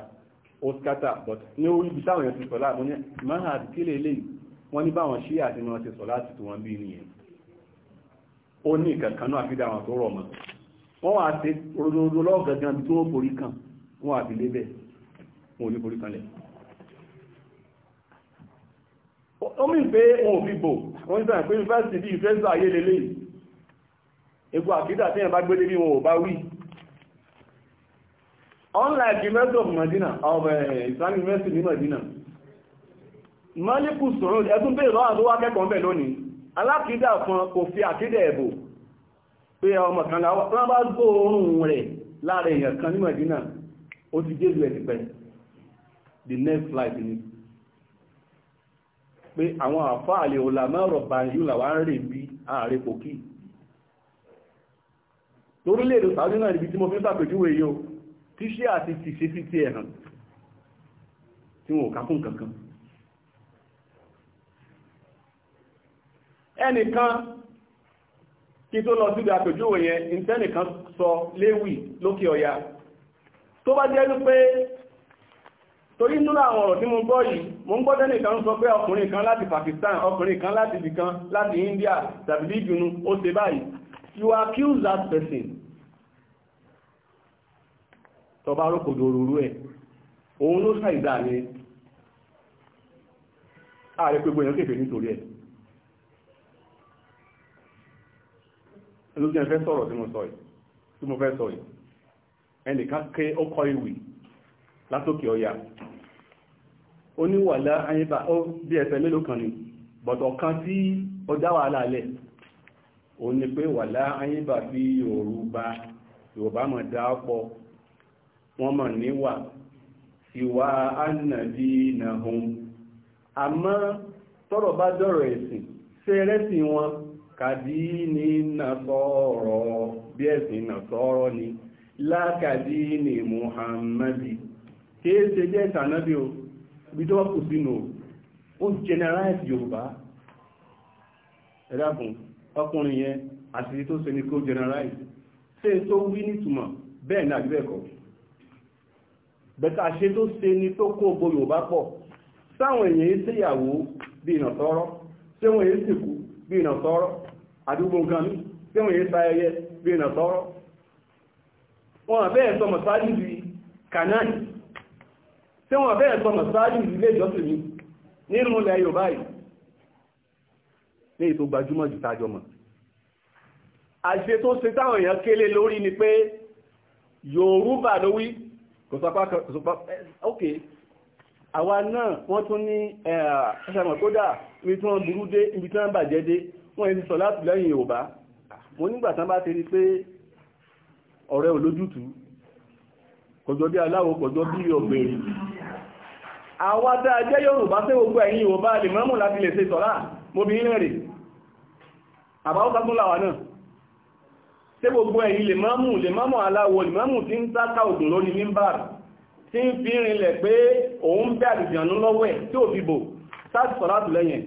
ó but ní orí ibi táwọn èèyàn ti sọ̀lá àbọ̀ ní mahad kílè eléyìí wọ́n ní báwọn ṣí àti wọn ti sọ̀lá àti tiwọn bí nìyẹn ó ní ìkankan náà fi dáwọn tó rọ̀ mọ́ wọ́n wà sí rododo lọ́gàgán bí tí wọ́n forí kan wọ́n àti lébẹ̀ wọn ò ní forí kanlẹ̀ ó mì pé wọn ò fi bò wọ́n ń sàn pé yunifásitì bí ìfẹ́ sọ ayé lélẹ́yìí egbò àkídà tí ẹ̀ bá gbélé bí wọn ò bá wí unlike university of madina of eh, Islamic University ní Medina mọ́líkù sọ̀rọ̀ ẹ̀tún bèèrè lọ́wọ́ tó wá kẹ́kọ̀ọ́ bẹ̀ lónìí alákìídà kan kò fi àkídà ẹ̀bò pé ọmọ kan láwọn bá oòrùn rẹ̀ láàrin èèyàn kan ní ó ti jésù ẹ̀ tipẹ́ the next flight ni pé àwọn àfáà lè ọ̀làmọ́ ọ̀rọ̀ bàyí làwọn rè bí ààrẹ pòkì lórílẹ̀-èdè sàájú náà ibi tí mo fi ń sàpèjúwe yóò tí ṣe àti ti ṣe sí ti ẹ̀hàn tí wọn ò kákún kankan ẹnìkan kí tó lọ síbi àpèjúwe yẹn ìtẹ́nìkan sọ léwì lókè ọya tó bá jẹ́ wípé torí nínú àwọn ọ̀rọ̀ tí mo gbọ́ yìí mo ń gbọ́ tẹ́nìkan ń sọ pé ọkùnrin kan láti Pakistan ọkùnrin kan láti ibìkan láti India tàbí ìdùnnú ó ṣe báyìí you accuse that person tó bá rókòdò òrùrú ẹ̀ òun ló ṣàìdá ní ààrẹ pé gbóyàn kéfèé nítorí ẹ̀ ẹlójú ẹ̀fẹ́ sọ̀rọ̀ tí mo fẹ́ sọ yìí ẹnìkan ké ọkọ̀ ìwì látòkè ọya oníwàlá ayébá ó bí ẹsẹ̀ mélòó kan ni bọ̀tọ̀ kan tí ọjá wà láàlẹ́ o ní pé wà láàáyín bí yorùbá yorùbá mọ̀ dá pọ̀ wọ́n mọ̀ níwà ìwà ànàbí nàhùn àmọ́ tọ́rọ̀ bá dọ̀rọ̀ ẹ̀sìn wọn kàdí ní nàṣọ́rọ̀ bí ẹ̀sìn nàṣọ́rọ̀ ni lákàdí ní muhammadi kìí ṣe jẹ́ ìtànábí o bí tó sínú ó generalize ọkùnrin yẹn àṣírí tó ṣe ni kó generalize ṣe tó wí nítumọ̀ bẹ́ẹ̀ ní àgbẹ̀kọ̀ bẹ́ta ṣe tó ṣe ni tó kó gbogbo Yorùbá pọ̀ sáwọn èèyàn ṣèyàwó bí ìnà tọ́rọ́ ṣé wọ́n èé sìnkú bí ìnà tọ́rọ́ àdúgbò nǹkan mi ṣé wọ́n èé sa ẹyẹ bí ìnà tọ́rọ́ wọn àbẹ́ẹ̀ sọmọ̀ sáájú di kanáàlì ṣé wọn àbẹ́ẹ̀ sọmọ̀ sáájú ilé ìjọsìn mi nínú ilẹ̀ Yorùbá yìí ní ètò gbajúmọ̀ jù tájọ mọ̀ àṣe tó ṣe táwọn èèyàn kélé lórí ni pé Yorùbá ló wí kò sọpá ok àwa náà wọ́n tún ní ẹ̀ẹ́sàmọ̀ kódà ibi tí wọ́n burú dé ibi tí wọ́n bàjẹ́ dé wọ́n ti sọ láti lẹ́yìn Yorùbá mo nígbà tán bá ti rí pé ọ̀rẹ́ olójútù kọjọ bí aláwo kọjọ bí ọ̀gbẹ̀rì àwa tá a jẹ́ Yorùbá gbogbo ẹ̀yìn Yorùbá lè mọ́mù láti lè ṣe sọ́lá mo bí rẹ̀ àbáwọ́sá tó láwà náà tí gbogbo ẹ̀yìn lè mọ́mù lè mọ́mù aláwọ̀ lè mọ́mù tí ń tákà òdùn lórí mímbàrì tí ń fi rinlẹ̀ pé òun bẹ́ àdìjànú lọ́wọ́ ẹ̀ tí ò fi bò sáàtì sọ̀rátù lẹ́yìn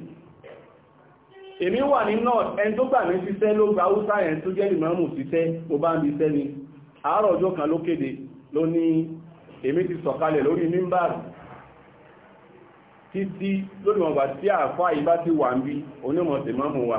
èmi wà ní north ẹni tó gbà mí ṣiṣẹ́ ló gba húsá títí lórí wọn gbà tí àáfáà yìí ti wà ń bí onímọ̀sẹ̀ mọ́mù wa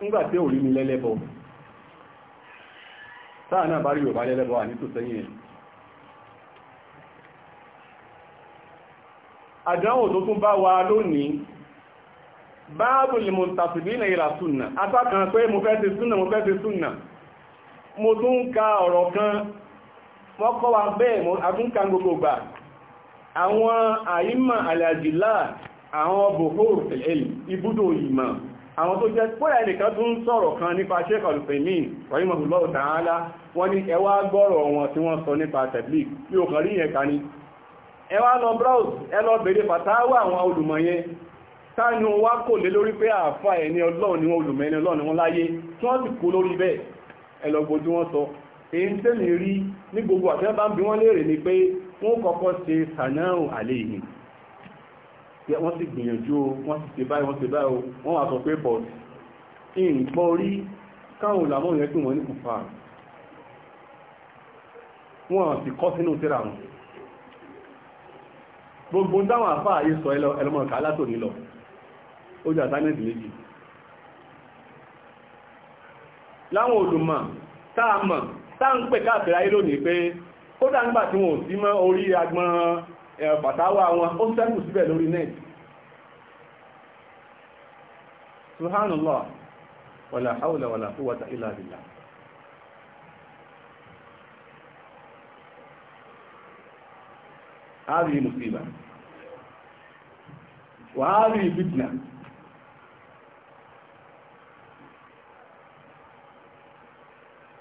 nígbà tí ò rí mi lẹ́lẹ́bọ sáà náà bá rí Yorùbá lẹ́lẹ́bọ wà ní tó sẹ́yìn ẹ̀ àdánwò tó tún bá wa lónìí báàbù lè mọ̀ tàbí ní ìlà súnà apákan pé mo fẹ́ ti súnà mo fẹ́ ti súnà mo tún ka ọ̀rọ̀ kan wọ́n kọ́ wa bẹ́ẹ̀ mo àtúnka gbogbo gbà àwọn àyímọ̀ àlàjìlá àwọn bòhóòrò ìbúdó ìmọ̀ àwọn tó jẹ́ pọ́ ẹnìkan tó ń sọ̀rọ̀ kan nípa Sheikh Al-Uthaymeen rahimahullahu ta'ala wọ́n ní ẹ wá gbọ́rọ̀ wọn tí wọ́n sọ nípa tẹ̀blì bí o kàn rí yẹn ká ní ẹ lọ browse ẹ lọ bèèrè àwọn olùmọ̀ wọ́n sì gbìyànjú wọ́n sì ṣe báyìí wọ́n ṣe báyìí wọ́n wà sọ pé but in gbọ́ rí káwọn olàmọ́ yẹn pè wọ́n ní kùfà wọ́n sì kọ́ sínú tíra wọn gbogbo dáwọn àfá àyè sọ ẹlọmọ̀ká látò nílọ ó jẹ́ àtánẹ́dì méjì láwọn olùmọ̀ táàmọ̀ táà ń pè káàkiri ayé lónìí pé kódà nígbà tí wọn ò sí mọ́ orí agbọ́n fàtàwà wọn ó sẹ́kù síbẹ̀ lórí net subhanallah wàlà haúlà wàlà quwwata illa billah هذه مصيبة وهذه فتنة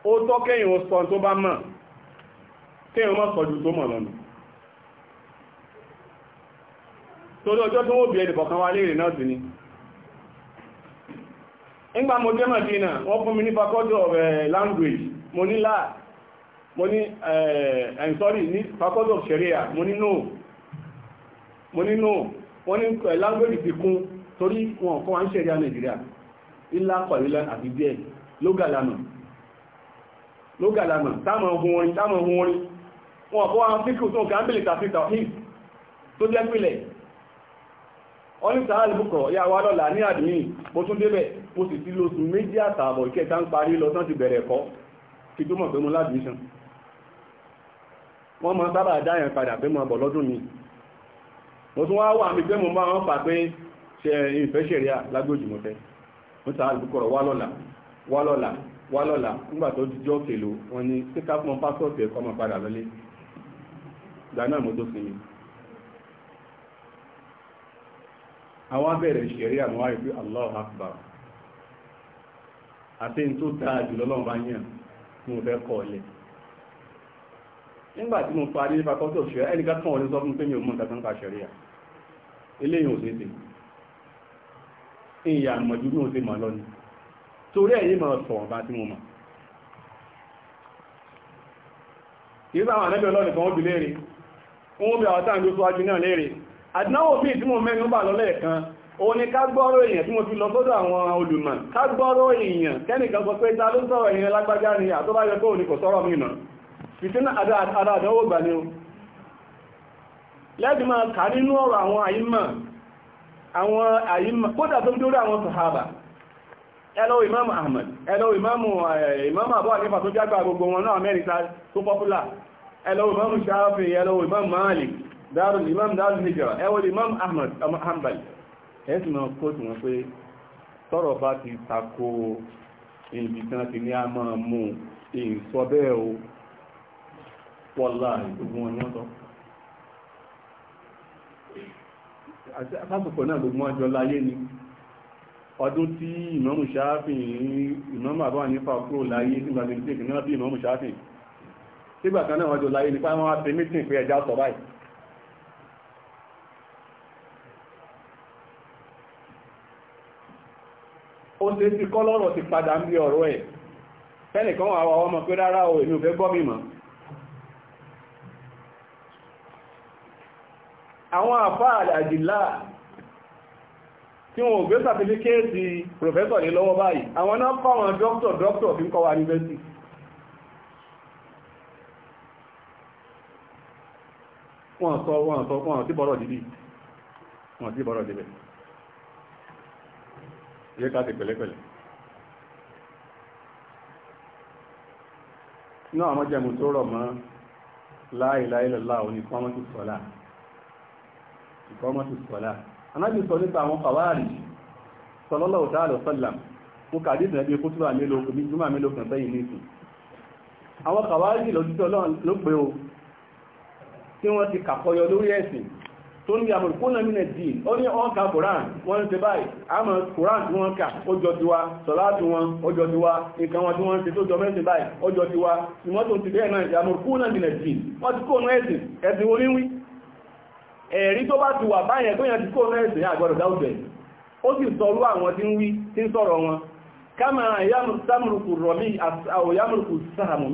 ó tọ́ kéèyàn sọ tó bá mọ̀ kéèyàn má sọ ju tó mọ̀ lọ́nà torí ọjọ́ tó wó bí ẹni kọ̀kan wá léèrè náà sí ni ìgbà mo jẹ́ Mádínà wọ́n fún mi ní faculty of eh, language mo ní láà mo ní eh, I'm sorry ní faculty of sharia mo ní no mo ní no wọ́n ní eh, language ti kún torí wọn kọ́ wá ń sharia Nàìjíríà ilá kọ̀lílá àti díẹ̀ lógàlànà lógàlànà táwọn ohun orin táwọn ohun orin wọn kọ́ wá ń fíkù tó kàmbìlì tàfíkà hìf tó jẹ́ pìlẹ̀ wọ́n ní sàárì bùkọ̀ ya wá lọ́la ní àdìmí mo tún débẹ̀ mo sì ti lóṣù méjì àtààbọ̀ ìkẹta ń parí lọ tán ti bẹ̀rẹ̀ ẹ̀kọ́ kí tó mọ̀ pé mo ládìmíṣàn wọ́n mọ sábà dáyàn padà pé mo bọ̀ lọ́dún mi mo tún wá wà mí pé mo bá wọn fà pé ṣe ìfẹ́ ṣẹ̀ríà lágbójì mo fẹ́ mo sàárì bùkọ̀ wá lọ́la wá lọ́la wá lọ́la nígbà tó jíjọ́ kèlò wọn ni kíkà fún pásọ̀tì ẹ̀kọ́ mọ̀ padà lọ́lé ìgbà náà mo tó sinmi àwọn abẹ́rẹ̀ ṣẹ̀rí àwọn àìpé Allahu Akbar àti tó dáa jùlọ lọ́wọ́ bá yàn mo fẹ́ kọ́ ọlẹ̀ nígbà tí mo parí nípa kọ́tọ̀ ṣẹ̀rí ẹnìkan kan onye sọ fún pé mi ò mọ̀ nǹkan kan ká ṣẹ̀rí à eléyìí ò sí ti ìyà àmọ̀jú bí mo lọ́nà torí ẹ̀yìn mọ̀ sọ̀rọ̀ bá tí mo mọ̀ kìí sáwọn ànẹ́bẹ̀ ọlọ́nìkan ó bi léèrè wọ́n bí àwọn táàmì tó ṣáájú náà léèrè àdínáwò bí ìdí mo mẹ́nu bà lọ́lẹ̀ kan òun ni ká gbọ́rọ̀ èèyàn tí mo fi lọ sọ́dọ̀ àwọn olùmọ̀ ká gbọ́rọ̀ èèyàn kẹ́nìkan sọ pé ta ló sọ̀rọ̀ èèyàn lágbájá ni àtọ́bájọ́ pé òní kò sọ̀rọ̀ mìíràn fìtínà ara àdánwò gbà ni o lẹ́bí máa kà nínú ọ̀rọ̀ àwọn àyímọ̀ àwọn àyímọ̀ kódà tó dórí àwọn sàhábà ẹlọ imamu ahmad ẹlọ imamu eh, imamu abu anifa jágbà gbogbo wọn náà amẹ́ríkà tó pọ́pùlà ẹlọ imamu shafi ẹlọ dáàrùn imam dáàrùn hijira ẹwọ́n imam ahmad hanbal ẹ̀sùn náà kó tí wọ́n pé tọ́rọ̀ bá ti tako ìbìkan ti ní a máa mú ìsọ bẹ́ẹ̀ o pọ́lá ìgbógun wọn yọ́tọ́ àtàkùkọ̀ náà gbogbo ọjọ́ láyé ni ọdún tí ìmọ̀mù ṣááfìn ìmọ̀mù àbá nípa kúrò láyé nígbàtí ìgbàtí náà bí ìmọ̀mù ṣááfìn sígbàtí náà wọ́n jọ láyé nípa wọ́n á ṣe mítìn pé ẹja sọ báyìí ó ṣe sí kọ́lọ́rọ̀ ti padà ń bí ọ̀rọ̀ ẹ̀ tẹ́nìkan wà wà ọmọ pé rárá o èmi ò fẹ́ gbọ́ mi mọ́ àwọn àfá àjìlá tí wọn ò gbé sàfifikéètì pòfẹ́sọ̀ ní lọ́wọ́ báyìí àwọn náà kọ́ àwọn dókítọ̀ dókítọ̀ fi ń kọ́ wa yunifásitì wọ́n sọ wọ́n sọ wọ́n sí bọ́rọ̀ dìbì wọ́n yẹ ká ti pẹ̀lẹ́pẹ̀lẹ́ inú àwọn jẹ̀mú tó rọ̀ mọ́ láìláìlọ́lá òní kọ́mọ́tì sọ́lá ìkọ́mọ́tì sọ́lá anábì sọ nípa àwọn kàwáàrì sọlọ́lọ́ òtàlọ́ sọ́làm mú kàdí ìdìnàbí kútùbà mélòó kan júmà mélòó kan sẹ́yìn ní ìsìn àwọn kàwáàrì lọ́jọ́ ló pé o tí wọ́n ti kàkọyọ lórí ẹ̀sìn tó ní àmọ̀ ìkúnlẹ̀ mílẹ̀ ó ní ọ́n ka wọ́n ń báyìí àmọ̀ koran tí wọ́n kà ó jọ wọn ó jọ nǹkan wọn tí wọ́n tó jọ mẹ́sìn báyìí ó jọ ti wa ìmọ́tò ti bẹ́ẹ̀ náà ìyàmọ̀ ìkúnlẹ̀ mílẹ̀ dì wọ́n ti ẹ̀sìn ẹ̀sìn oníwí ẹ̀rí tó bá ti wà báyẹn tó yẹn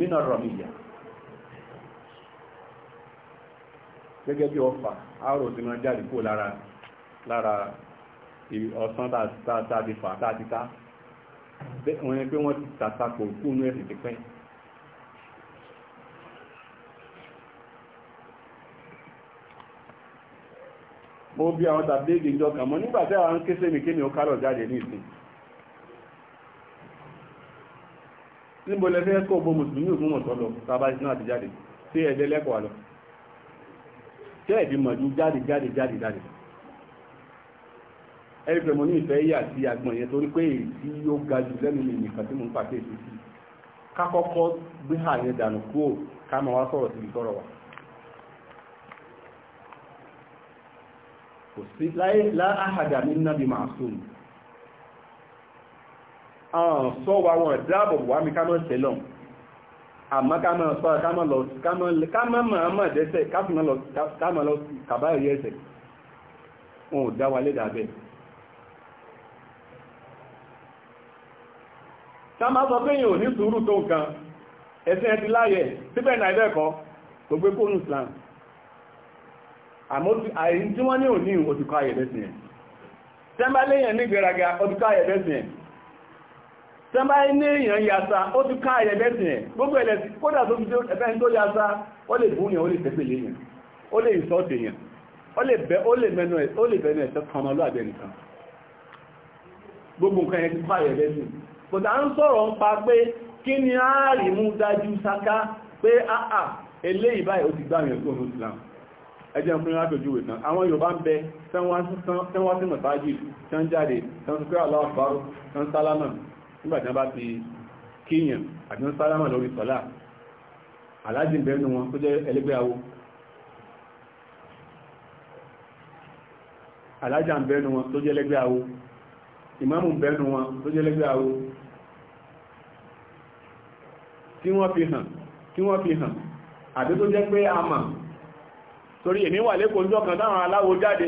ti ẹ̀sìn gẹ́gẹ́ bí ọfà àárò tí wọ́n jáde kó lára lára ọ̀sán tàbí fà tàbí ká wọ́n yẹn pé wọ́n ti tàtàkò kúnú ẹ̀sìn ti pẹ́ mo bí àwọn tàbí ìjọ kan mọ́ nígbàtí àwọn kéṣe mi kí ni ó kárọ̀ jáde ní ìsìn níbo lẹ́fẹ́ kọ́ bó mùsùlùmí òfin mọ̀tọ́ lọ tàbá ìsinú àti jáde sí ẹ̀dẹ́ lẹ́kọ̀ọ́ lọ tẹ́ ẹ̀bí mọ̀jú jáde jáde jáde jáde ẹ̀rí pé mo ní ìfẹ́ yà sí agbọ̀n yẹn torí pé èyí tí ó ga jù lẹ́nu mi nìkan tí mo ń pàṣẹ èsì sí kákọ́kọ́ gbé hà yẹn dànù kúrò ká máa wá sọ̀rọ̀ síbi tọ́rọ̀ wa kò sí láyé láhàdà mi nábi máa sùn sọ wa wọn dáàbò wà mí ká mọ̀ tẹ́lọ̀ àmọ́ ká máa sọ́ra ká máa lọ ká máa máa máa dẹ́sẹ̀ ká sì máa lọ ká máa lọ kàbáyé ẹsẹ̀ wọn ò dá wa lédàá bẹ́ẹ̀. ká máa sọ pé èèyàn ò ní sùúrù tó nǹkan ẹ̀sìn ẹ̀ ti láyẹ̀ síbẹ̀ náà ẹ̀bẹ̀ kọ́ tó gbé kónú Islam àmọ́ àìyí tí wọ́n ní òní òtùkọ́ ayẹ̀dẹ́sìn ẹ̀ tẹ́mbálẹ́yìn ní ẹ̀ tẹ́mbá ní èèyàn yàtà ó ti ká ayẹ bẹ́sìn ẹ̀ gbogbo ẹ̀lẹ̀ kódà tó fi ẹ̀fẹ́ tó yàtà ó lè búrú ó lè tẹ́pẹ̀lẹ̀ èèyàn ó lè ìsọ́tẹ̀ èèyàn ó lè bẹ̀nu ẹ̀sẹ̀ kan ọlọ́àbẹ̀ nìkan gbogbo nǹkan ẹ̀ ti ká ayẹ bẹ́sìn kò tà ń sọ̀rọ̀ ń pa pé ni a rí mú dájú sáká pé àà eléyìí báyìí ó ti gbá yẹn gbóhùn Islam ẹjẹ́ fún yíwá tó júwé tán àwọn Yorùbá ń bẹ tẹ́wọ́n sí mọ̀tájì tán jáde tán sùkúrà láwọ̀ fáró tán sálámà nígbàtí wọ́n bá ti kíyàn àti wọ́n sálámà lórí sọ́lá aláàjì bẹ̀rẹ̀ wọn tó jẹ́ ẹlẹ́gbẹ́ awo aláàjà ń bẹ̀rẹ̀ wọn tó jẹ́ ẹlẹ́gbẹ́ awo ìmáàmù ń bẹ̀rẹ̀ wọn tó jẹ́ ẹlẹ́gbẹ́ awo tí wọ́n fi hàn tí wọ́n fi hàn àti tó jẹ́ pé a mà torí èmi wà lẹ́kọ̀ọ́ ọjọ́ kan táwọn aláwo jáde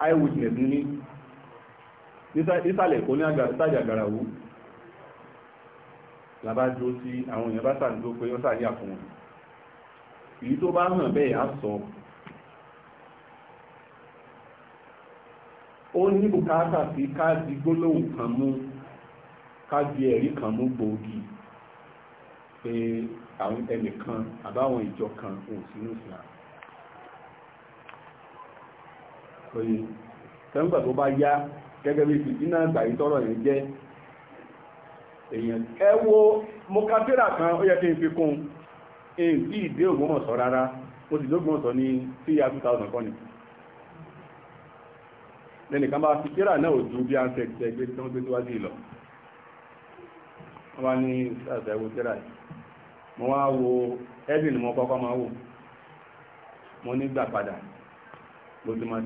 eyewitness ní nísàlẹ̀ kò ní àgbàrà wú làbá dúró sí àwọn èèyàn bá sàdúró pé wọ́n sàyà fún wọn èyí tó bá hàn bẹ́ẹ̀ á sọ ó ní bùkátà sí ká di gbólóhùn kan mú ká di ẹ̀rí kan mú gbòógì pé àwọn ẹnìkan àbáwọn ìjọ kan òun sínú ìsìlámù oye tẹ́ǹgbà tó bá yá gẹ́gẹ́ bí ti iná àgbà yìí tọ́rọ̀ yẹn jẹ́ èèyàn ẹ wo mo ka tírà kan ó yẹ kí n fi kún un tí ìdé Ògbómọ̀ṣọ́ rárá mo sì dógbòmọ̀ṣọ́ ní tí ya two thousand kọ́ni lẹ́nìkan bá fi tírà náà ò ju bí a ń tẹ̀ tẹ́ gbé tí wọ́n gbé síwájú ìlọ wọ́n wá ní sáàtà ẹwọ tírà yìí mo wá wo ẹ́bìn mo kọ́kọ́ máa wò mo ní gbà padà mo ti máa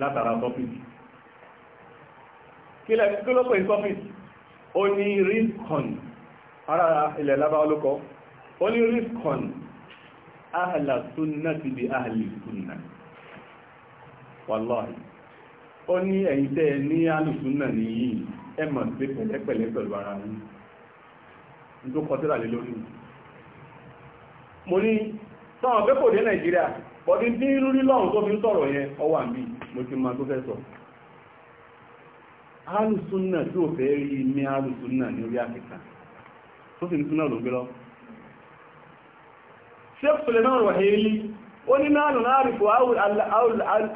látara topic kí lẹ́ kí ó ní ara ilẹ̀ lábáwá ló ó ní ti di ahli sunna wàláhì ó ní ẹ̀yìn tẹ́ ní ahli sunna sí pẹ̀lẹ́pẹ̀lẹ́ pẹ̀lú ara mo ní sọ́wọ́n pé dé bọ̀dí tí rírí lọ́run tó fi ń sọ̀rọ̀ yẹn ọwà mi mo ti máa tó fẹ́ sọ alùsúnnà tí ò fẹ́ rí ní alùsúnnà ní orí àkíkà tó fi ń súnnà ló gbé lọ Sheikh Suleiman Ruhaili ó ní náà nù náà rìpò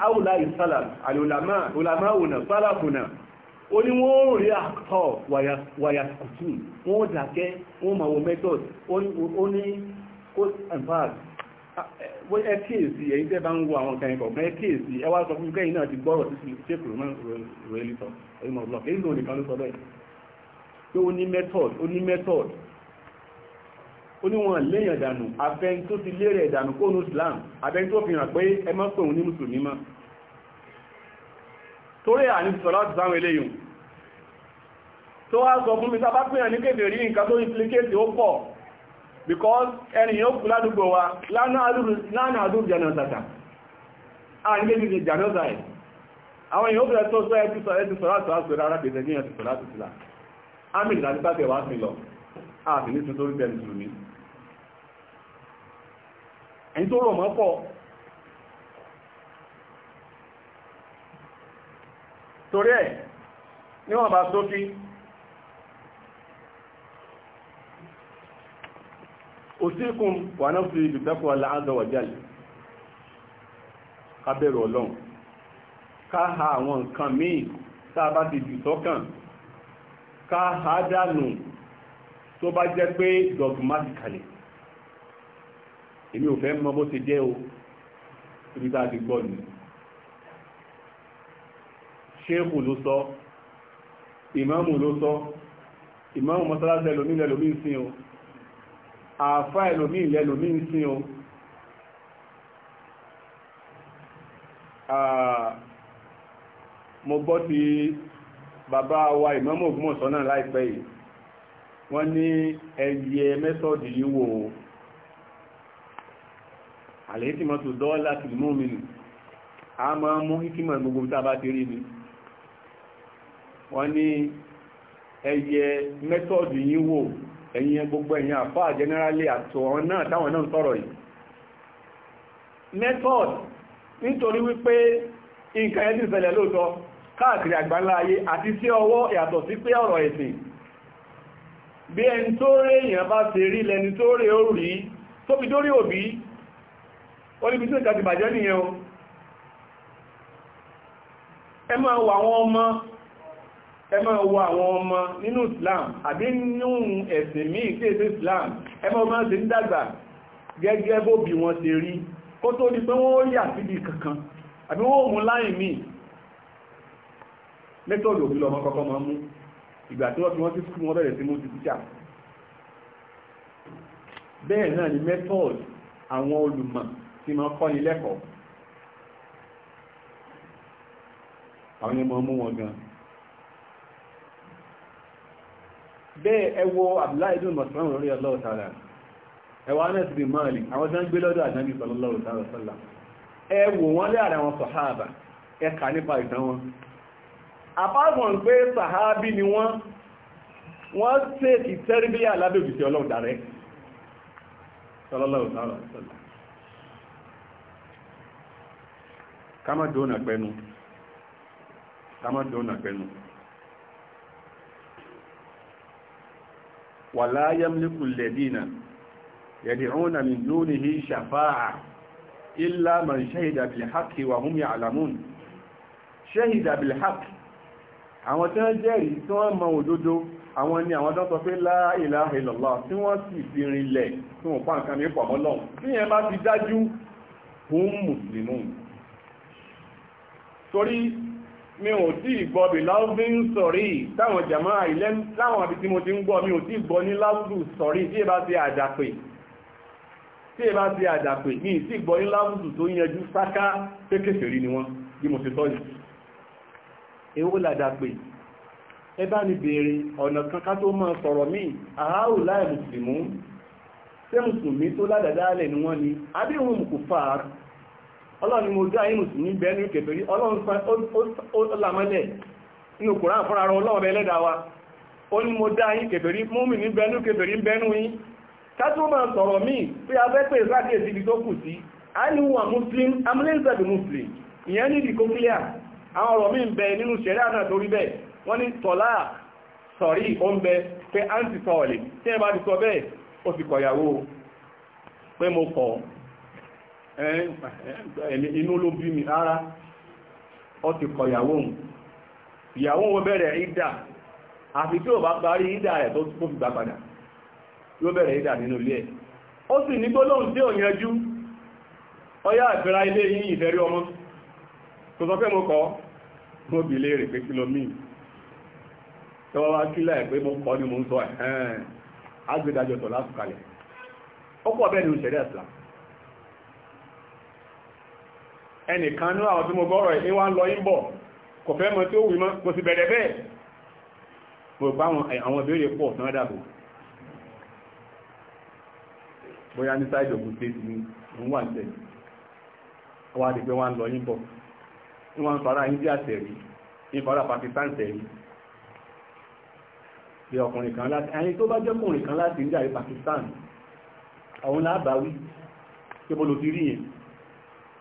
àwùlà ìsálà àlùlàmà òlàmáwùnà sálàkùnà ó ní wọ́n rí àkọ́ wàyàkùtù Ah, eh, ẹ kíyèsí ẹ̀yin tẹ́ bá ń wo àwọn kẹyìn kọ̀ọ̀kan ẹ kíyèsí ẹ sọ fún kẹyìn náà ti gbọ́rọ̀ sí ṣéèkù ẹ̀yìn ọ̀lọ́ nìkan ló sọ bẹ́ẹ̀ pé ó ní method ó ní method ó ní wọn léèyàn dànù tó ti lérè ẹ̀dànù Islam tó fi hàn pé ẹ má pè torí àní láti sáwọn eléyìí tó wá sọ fún mi kébèrè nǹkan tó because ẹni yóò kú ládùgbò wa lánà àdúrù jẹ́nàzàtà a ní méjì ní jàdọ́zà ẹ̀ àwọn èèyàn bẹ̀rẹ̀ tó sọ ẹ̀tù sọ̀rọ̀tù àṣòrò ara pèsè ní ẹ̀tù sọ̀rọ̀tù sílá amì ìlànà pàtẹ̀ wà sí lọ àti ní tuntun rí bẹ̀rẹ̀ jùlọ ní ẹni tó rò mọ́ pọ̀ torí ẹ̀ níwọ̀n bá sófin òsìkún wà náà fi ìdìtẹ́kùn aláàzọwọ̀jẹ́l ká bẹ̀rù ọlọ́run ká ha àwọn nǹkan míì tá a bá ti jù sọ́kàn ká ha dànù tó bá jẹ́ pé dogmatically èmi ò fẹ́ mọ bó ti jẹ́ o ibi tá a ti gbọ́ nù ṣéèkù ló sọ ìmáàmù ló sọ ìmáàmù mọ́sálásẹ́ lómi lẹ́lómi o àfá ẹlòmí ìlẹ́lòmí ń sin o mo gbọ́ ti bàbá wa ìmọ́mọ̀ ògbómọ̀ṣọ́ náà láìpẹ́ yìí wọ́n ní ẹyẹ mẹ́sọ̀dì yìí wò ó àlèyé tí mọ́ tó dọ́ọ́lá ti mú mi nù a máa mú hikimọ̀ gbogbo tá a bá ti rí mi wọ́n ní ẹyẹ mẹ́sọ̀dì yìí wò ó ẹ̀yin gbogbo ẹ̀yin àfáà generally àtò ọ̀n náà táwọn náà sọ̀rọ̀ yìí method nítorí wípé nǹkan ẹ̀sìn ìṣẹ̀lẹ̀ lóòtọ́ káàkiri àgbáńlá ayé àti sí ọwọ́ yàtọ̀ sí pé ọ̀rọ̀ ẹ̀sìn bí ẹni tó rí èèyàn bá ṣe rí lẹni tó rí ó rí tó fi dórí òbí ó níbi tí ìkàtì bàjẹ́ nìyẹn o ẹ máa wà àwọn ọmọ ẹ máa wo àwọn ọmọ nínú Islam àbí nínú ẹ̀sìn míì tí èsì Islam ẹ máa máa ṣe ń dàgbà gẹ́gẹ́ bó bí wọ́n ṣe rí kó tó di pé wọ́n yà síbi kankan àbí wọ́n mú láì míì mẹ́tọ́dù òbí lọ́mọ kọ́kọ́ máa mú ìgbà tí wọ́n fi wọ́n sí skú wọ́n bẹ̀rẹ̀ sí mú ti tíṣà bẹ́ẹ̀ náà ni mẹ́tọ́dù àwọn olùmọ̀ tí máa kọ́ ni lẹ́kọ̀ọ́ àwọn ẹmọ mú wọn gan-an bẹ́ẹ̀ ẹwọ Abdullahi ibn Mas'ud lórí Allahu ta'ala ẹwọ Anas bin Malik àwọn tó ń gbé lọ́dọ̀ ànábì sallallahu ta'ala sallam ẹwọ wọn lé ara wọn sàhábà ẹka nípa ìtàn wọn apáwọn pé sàhábì ni wọ́n wọ́n tẹ́ẹ̀kì tẹ́rìbíyà lábẹ́ òjìṣẹ́ Ọlọ́run dàrẹ́ sallallahu ta'ala sallam kama dona pẹnu kama dona pẹnu wala yamliku alladhina yad'una min dunihi shafa'a illa man shahida bil haqqi wa hum ya'lamun shahida bil haqqi àwọn tí wọ́n jẹ́rìí tí wọ́n mọ òdodo àwọn ni àwọn tó sọ pé la ilaha illallah tí wọ́n sì fi rinlẹ̀ tí wọ́n pa mi pọ̀ mọ́ mi ò tí ìgbọ́ bí láúbín sọ̀rí táwọn jàmá ilẹ̀ láwọn àbí tí mo ti ń gbọ́ mi ò tí ìgbọ́ ní láúbù sọ̀rí tí è bá ti àdàpè tí è bá ti àdàpè ní ìtí ìgbọ́ ní láúbù tó yanjú sáká kékèfèrí ni wọ́n bí mo ti sọ yìí èwo làdàpè ẹ bá ní béèrè ọ̀nà kan ká tó máa sọ̀rọ̀ míì àháù láì mùsùlùmí ṣé mùsùlùmí tó ni wọ́n ni àbí òun mùkù fàárù ọlọ́run ni mo dá ayé mùsùlùmí bẹ́ẹ̀ ní kèfèrí ọlọ́run lámọ́lẹ̀ inú kòrán fúnra rọ ọlọ́run bẹ́ẹ̀ lẹ́dà wa ó ní mo dá ayé kèfèrí múmi ní bẹ́ẹ̀ ní kèfèrí bẹ́ẹ̀nú yí kátúmọ̀ sọ̀rọ̀ míì pé abẹ́ pé ìsákèsí ibi tó kù sí àìníwà muslim amúlẹ́sẹ̀bì muslim ìyẹn ní ìdíkó clear àwọn ọ̀rọ̀ míì bẹ nínú ṣẹ̀rẹ́ àná torí bẹ́ẹ̀ wọ́n ní tọ́lá sọ̀rí ó ń bẹ pé àǹtí sọ̀ọ̀lẹ̀ tí ẹ bá ti sọ bẹ́ẹ̀ ó ti kọ̀yàwó pé mo kọ̀ ẹ̀mí inú ló bí mi rárá ọ ti kọ ìyàwó òun ìyàwó òun bẹ̀rẹ̀ ìdà àfi tí bá parí ìdà tó fi yóò bẹ̀rẹ̀ ìdà nínú ilé ẹ̀ ó sì ní gbólóhùn tí ò yanjú ọyá ìfẹ́ra ilé yìí ìfẹ́rí ọmọ tó sọ pé mo kọ́ mo bì lè rè pé kí míì tí wọ́n wá pé mo kọ́ ni mo ń sọ ẹ̀ tọ̀ lásùkalẹ̀ ó pọ̀ bẹ́ẹ̀ ni òṣèré ẹnìkan ní àwọn tí mo gbọ́rọ̀ ẹ̀ ní ń lọ yí ń bọ̀ kò fẹ́ mọ̀ tí ó wù mọ́ kò sì bẹ̀rẹ̀ bẹ́ẹ̀ India tẹ̀rí Pakistan tẹ̀rí bí ọkùnrin kan láti ẹni tó bá jẹ́ ọkùnrin kan Pakistan àwọn lábàáwí tí mo lò ti rí yẹn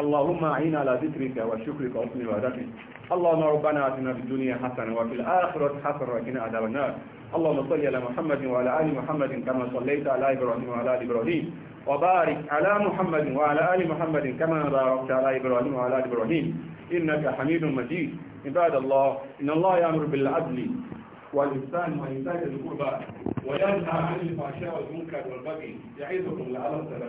اللهم أعنا على ذكرك وشكرك وحسن عبادتك اللهم ربنا آتنا في الدنيا حسنة وفي الآخرة حسنة وقنا عذاب النار اللهم صل على محمد وعلى آل محمد كما صليت على إبراهيم وعلى آل إبراهيم وبارك على محمد وعلى آل محمد كما باركت على إبراهيم وعلى آل إبراهيم إنك حميد مجيد عباد الله إن الله يأمر بالعدل والإحسان وإيتاء ذي القربى وينهى عن الفحشاء والمنكر والبغي يعظكم لعلكم تذكرون